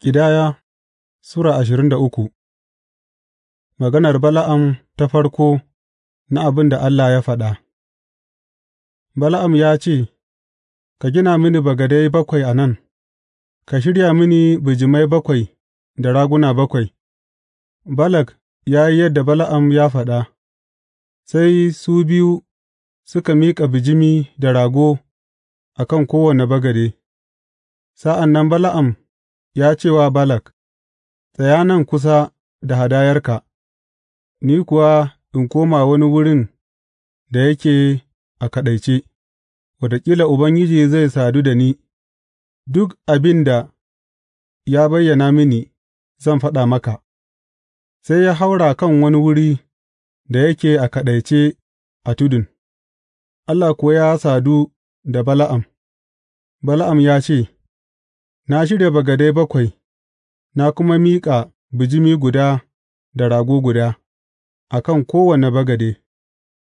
Ƙidaya Sura ashirin da uku Maganar Bala'am ta farko na abin da Allah ya faɗa Bala'am ya ce, Ka gina mini bagadai bakwai a nan, ka shirya mini bijimai bakwai da raguna bakwai. Balak ya yi yadda Bala'am ya faɗa, sai su biyu suka miƙa bijimi da rago a kan kowane bagade, sa'an nan Bala'am. ya ce wa Balak, Tsaya nan kusa da hadayarka, ni kuwa in koma wani wurin da yake a kaɗaice, wataƙila Ubangiji zai sadu da ni, duk abin da ya bayyana mini zan faɗa maka. Sai ya haura kan wani wuri da yake a kaɗaice a tudun, Allah kuwa ya sadu da Bala'am, Bala'am ya ce, Na shirya bagadai bakwai, na kuma miƙa bijimi guda da rago guda, a kan kowane bagade,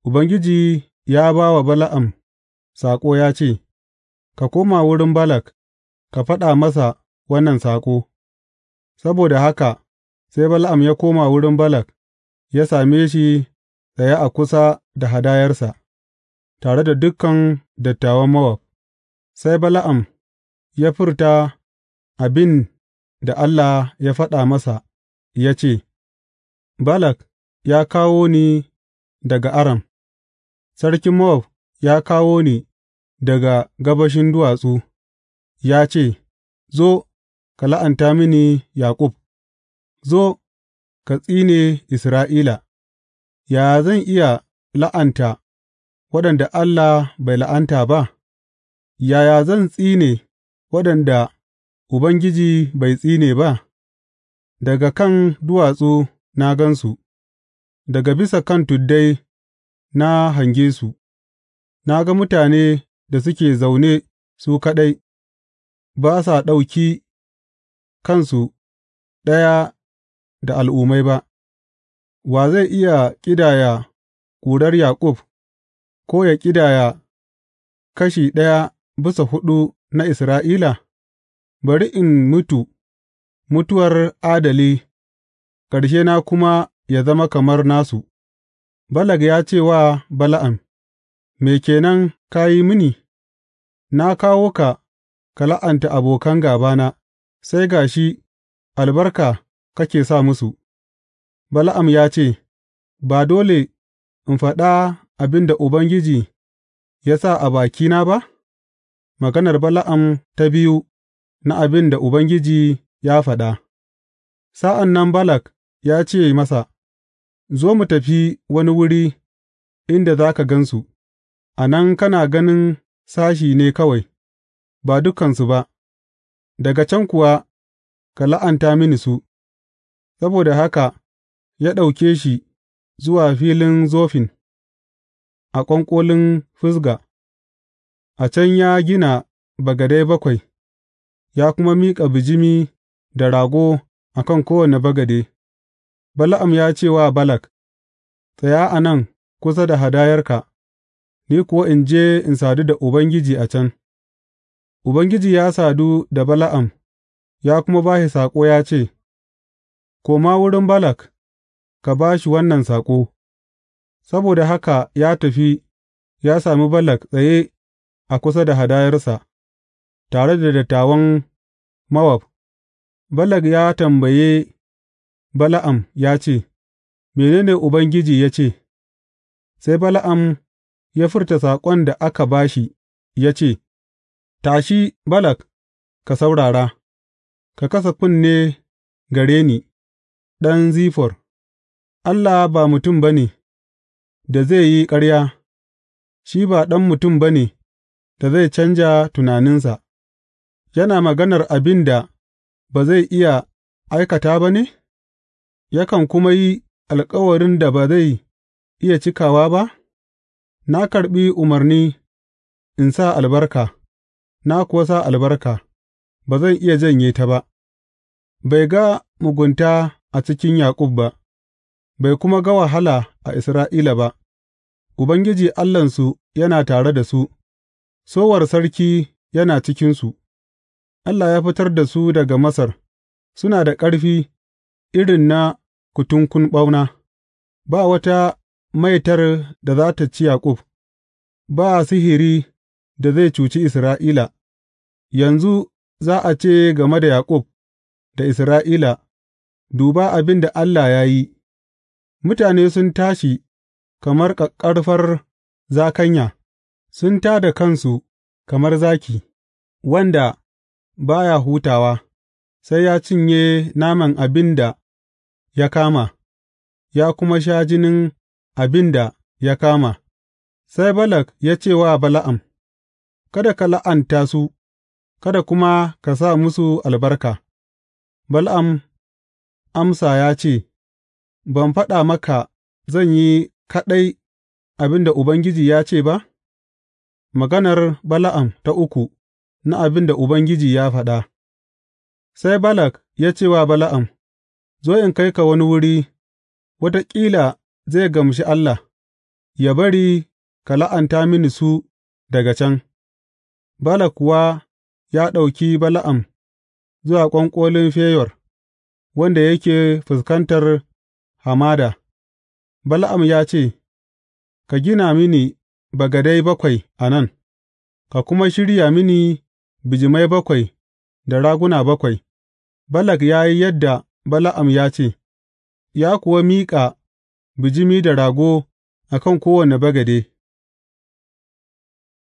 Ubangiji ya ba wa Bala'am saƙo ya ce, Ka koma wurin Balak, ka faɗa masa wannan saƙo, saboda haka sai Bala'am ya koma wurin Balak ya same shi tsaye a kusa da hadayarsa, tare da dukan dattawan Mowab, sai Bala'am ya furta. abin da Allah ya faɗa masa ya ce, Balak ya kawo ni daga Aram, sarkin Mowab ya kawo ni daga gabashin duwatsu, ya ce, Zo, ka la'anta mini Yaƙub, zo, ka tsine Isra'ila, yaya zan iya la'anta waɗanda Allah bai la'anta ba, yaya zan tsine waɗanda Ubangiji bai tsine ba, daga kan duwatsu na gan su, daga bisa kan tuddai na hange su; na ga mutane da suke zaune su kaɗai, ba sa ɗauki kansu ɗaya da al'ummai ba, wa zai iya ƙidaya ƙurar Yaƙub, ko ya ƙidaya kashi ɗaya bisa huɗu na Isra'ila? Bari in mutu mutuwar adali na kuma ya zama kamar nasu, Balag ya ce wa Bala'am, Me ke nan ka yi mini, na kawo ka ka la'anta abokan gābana, sai ga shi albarka kake sa musu, Bala'am ya ce, Ba dole in faɗa abin da Ubangiji ya sa a bakina ba? Maganar Bala'am ta biyu. na abin da Ubangiji ya faɗa, sa'an nan Balak ya ce masa, Zo mu tafi wani wuri inda za ka gan su, a nan kana ganin sashi ne kawai, ba dukansu ba, daga can kuwa ka la'anta mini su, saboda haka ya ɗauke shi zuwa filin Zofin a ƙwanƙolin fusga. a can ya gina bagadai bakwai. ya kuma miƙa bijimi da rago a kan kowane bagade, Bala'am ya ce wa Balak, Tsaya a nan kusa da hadayarka, ni kuwa in je in sadu da Ubangiji a can. Ubangiji ya sadu da Bala'am, ya kuma ba shi saƙo ya ce, Koma wurin Balak, ka ba shi wannan saƙo, saboda haka ya tafi ya sami Balak tsaye a kusa da hadayarsa. tare da dattawan Mowab, Balak ya tambaye Bala'am ya ce, Mene ne Ubangiji ya ce? Sai Bala'am ya furta saƙon da aka ba shi ya ce, Tashi, Balak, ka saurara, ka kasa kunne gare ni, ɗan Zifor, Allah ba mutum ba ne, da zai yi ƙarya, shi ba ɗan mutum ba ne, da zai canja tunaninsa. yana maganar abin da ba zai iya aikata ba ne, yakan kuma yi alkawarin da ba zai iya cikawa ba? Na karɓi umarni in sa albarka, na kuwa sa albarka, ba zan iya janye ta ba, bai ga mugunta a cikin Yaƙub ba, bai kuma ga wahala a Isra'ila ba, Ubangiji Allahnsu yana tare da su, sowar sarki yana cikinsu. Allah ya fitar da su daga Masar, suna da ƙarfi irin na kutunkun ɓauna, ba wata maitar da za ta ci Yaƙub, ba sihiri da zai cuci Isra'ila, yanzu za a ce game da Yaƙub da Isra'ila, Duba abin da Allah ya yi, mutane sun tashi kamar ƙaƙƙarfar zakanya, sun tā da kansu kamar zaki, wanda ba ya hutawa, sai ya cinye naman abin da ya kama, ya kuma sha jinin abin da ya kama, sai Balak ya ce wa Bala'am, Kada ka la'anta su, kada kuma ka sa musu albarka, Bala'am amsa ya ce, Ban faɗa maka zan yi kaɗai abin da Ubangiji ya ce ba? Maganar Bala'am ta uku. na abin da Ubangiji ya faɗa, sai Balak ya ce wa Bala'am, Zo in kai ka wani wuri, wataƙila zai gamshi Allah, ya bari ka la'anta mini su daga can, Balak kuwa ya ɗauki Bala'am zuwa ƙwanƙolin Feyor, wanda yake fuskantar hamada, Bala'am ya ce, Ka gina mini bagadai bakwai a nan, ka kuma shirya mini bijimai bakwai da raguna bakwai, Balak ya yi yadda Bala'am ya ce, ya kuwa miƙa bijimi da rago a kan kowane bagade.